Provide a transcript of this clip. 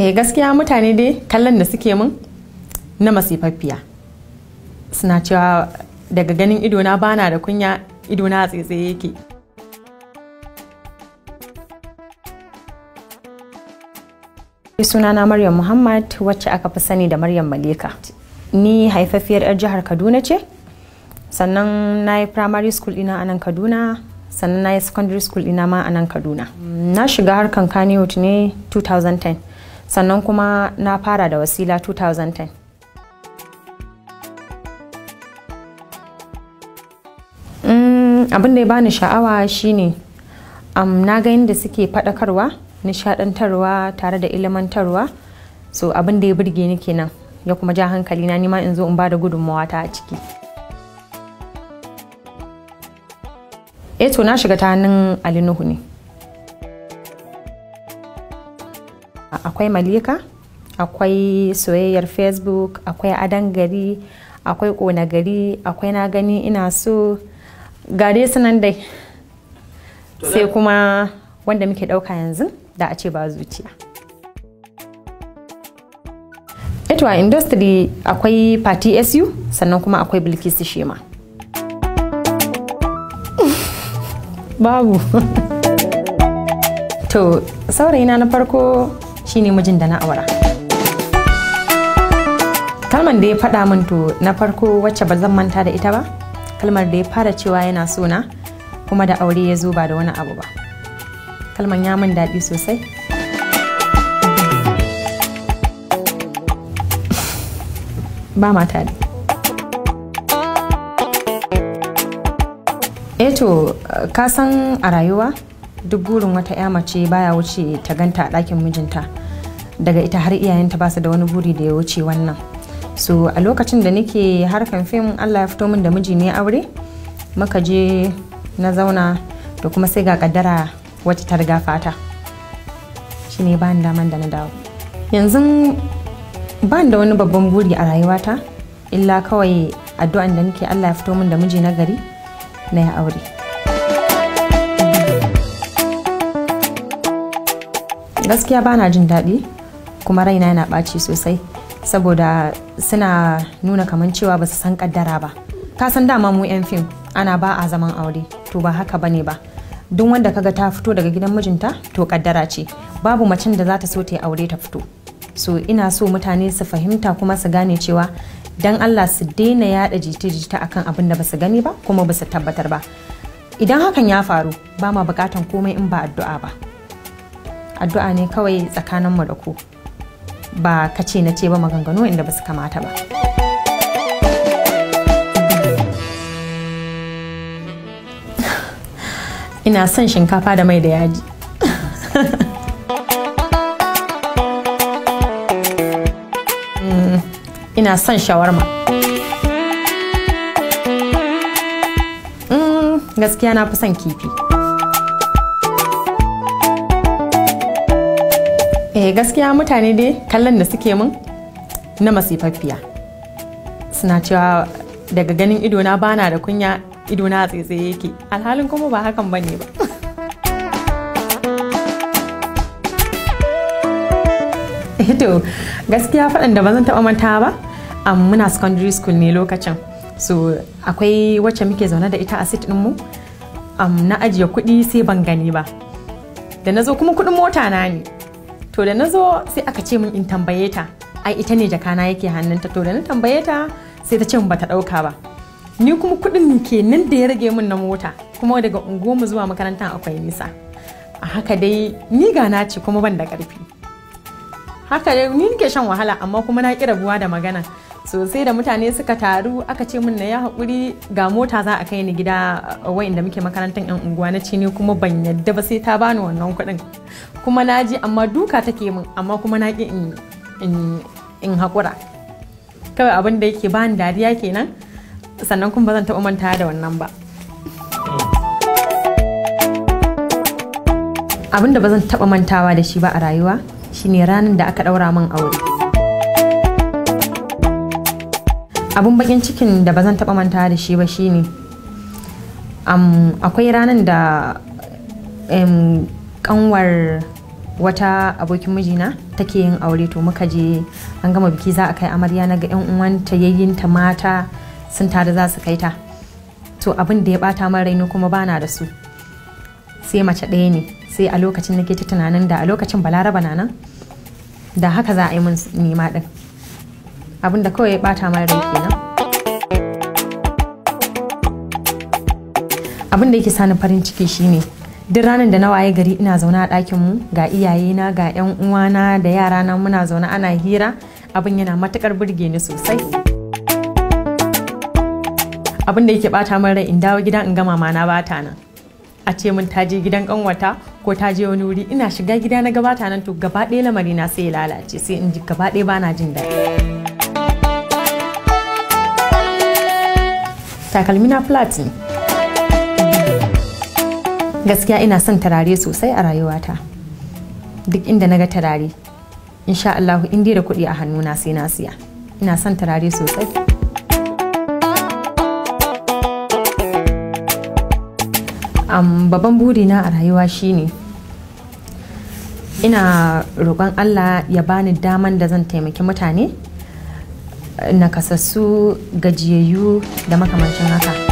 eh gaskiya mutane dai kallon da suke min na masifaffiya suna cewa daga ganin idona bana da kunya idona a tsaitsaye yake sunana maryam muhammad wacce aka fi sani da maryam malika ni haifaffiyar 'yar jihar kaduna ce sannan na yi primary school ina a nan kaduna sannan na yi secondary school ina ma a nan kaduna na shiga harkan kaniyot ne 2010 sannan kuma na fara da wasila 2010 mm, abin da ya bani sha'awa shine um, na ga yadda suke faɗakarwa nishaɗantarwa tare da ilimantarwa so abin da ya burge ni kenan ya kuma ja hankali na nima in zo in ba da gudunmawa ta a ciki eto eh na shiga ta hannun alinuhu ne akwai malika akwai soyayyar facebook akwai adan gari akwai kona gari akwai na gani ina so gare su nan dai sai kuma wanda muke ɗauka yanzu da a ce ba zuciya eto a industry akwai party su sannan kuma akwai bilkisu shema babu to saurayina na farko shine mijin da na aura kalmar da ya faɗa min to na farko wacce ba zan manta da ita ba kalmar da ya fara cewa yana sona kuma da aure ya zo ba da wani abu ba kalmar ya min daɗi sosai ba mata ne eto eh ka san a rayuwa duk burin wata 'ya mace baya wuce ta ganta a dakin mijinta daga ita har iyayenta ba su da wani buri da ya wuce wannan so a lokacin da nake harkan fim allah ya fito min da miji ne aure muka je na zauna to kuma sai ga kaddara wacce ta riga fata shi ne bayan daman da na dawo yanzu ban da wani babban buri a rayuwata illa kawai addu'an da nake allah ya fito min da miji na gari na ya aure gaskiya ba na jin daɗi kuma raina yana ɓaci sosai saboda suna nuna kamar cewa ba su san kaddara ba ka san dama mu 'yan fim ana ba a zaman aure to ba haka ba ne ba duk wanda kaga ta fito daga gidan mijinta to kaddara ce babu macen da za ta so ta yi aure ta fito so ina so mutane su fahimta kuma su gane cewa dan Allah su daina yada jita-jita akan abin da ba su gani ba kuma ba su tabbatar ba idan hakan ya faru ba ma bukatan komai in ba addu'a ba addu'a ne kawai tsakaninmu da ku ba ka ce na ce ba maganganu inda ba su kamata ba. Ina son shinkafa da mai da yaji. Mm, ina son shawarma. Mm, gaskiya na fi son kifi. eh gaskiya mutane dai kallon da suke min na masifaffiya suna cewa daga ganin idona bana da kunya idona a yake alhalin kuma ba hakan bane ba eh to gaskiya faɗin da ba zan taɓa manta ba muna secondary school ne lokacin so akwai wacce muke zaune da ita a sit mu na ajiye kuɗi sai ban gani ba da na zo kuma kuɗin mota na ne to da na zo sai aka ce min in tambaye ta ai ita ne jakana yake hannunta to da na tambaye ta sai ta ce min bata ɗauka ba ni kuma kuɗin nan da ya rage min na mota kuma daga unguwarmu zuwa makarantar akwai nisa a haka dai ni gana ce kuma ban da karfi haka dai ni ke shan wahala amma kuma na ƙi rabuwa da magana sosai da mutane suka taru aka ce min na ya haƙuri ga mota za a kai ni gida wa'inda muke makarantar 'yan unguwa na ce ni kuma ban yadda ba sai ta bani wannan kuɗin kuma na ji amma duka take min amma kuma na ki in haƙura kawai abin da yake bani dariya kenan sannan kuma ba zan taɓa manta da wannan ba abin da ba taɓa mantawa da shi ba a rayuwa shine ranar da aka ɗaura min aure abin bakin cikin da bazan zan taɓa mantawa da shi ba shine akwai ranar da kanwar wata abokin mijina take yin aure to muka je an gama biki za a kai amarya na ga 'yan uwanta yayyinta mata sun tare za su kai ta to abin da ya bata min kuma bana da su sai mace ɗaya ne sai a lokacin nake ta tunanin da a lokacin balaraba na nan da haka za a yi min nima din abin da kawai ya bata min rai kenan abin da yake sani farin ciki shine duk ranar da na waye gari ina zaune a ɗakin mu ga iyayena ga 'yan uwana da yarana muna zaune ana hira abin yana matukar burge ni sosai abin da yake bata min rai in dawo gida in ga mama na bata nan a ce mun ta je gidan kanwata ko ta je wani wuri ina shiga gida na gabata nan to gaba ɗaya lamari na sai lalace sai in ji gaba ɗaya bana jin daɗi takalmi na gaskiya ina son tarare sosai a rayuwata duk inda na ga tarare insha Allah in da kuɗi a hannu na sai na siya ina son tarare sosai um, babban burina a rayuwa shine ina roƙon Allah ya bani daman da zan taimaki mutane nakasassu gajiyayyu da makamancin haka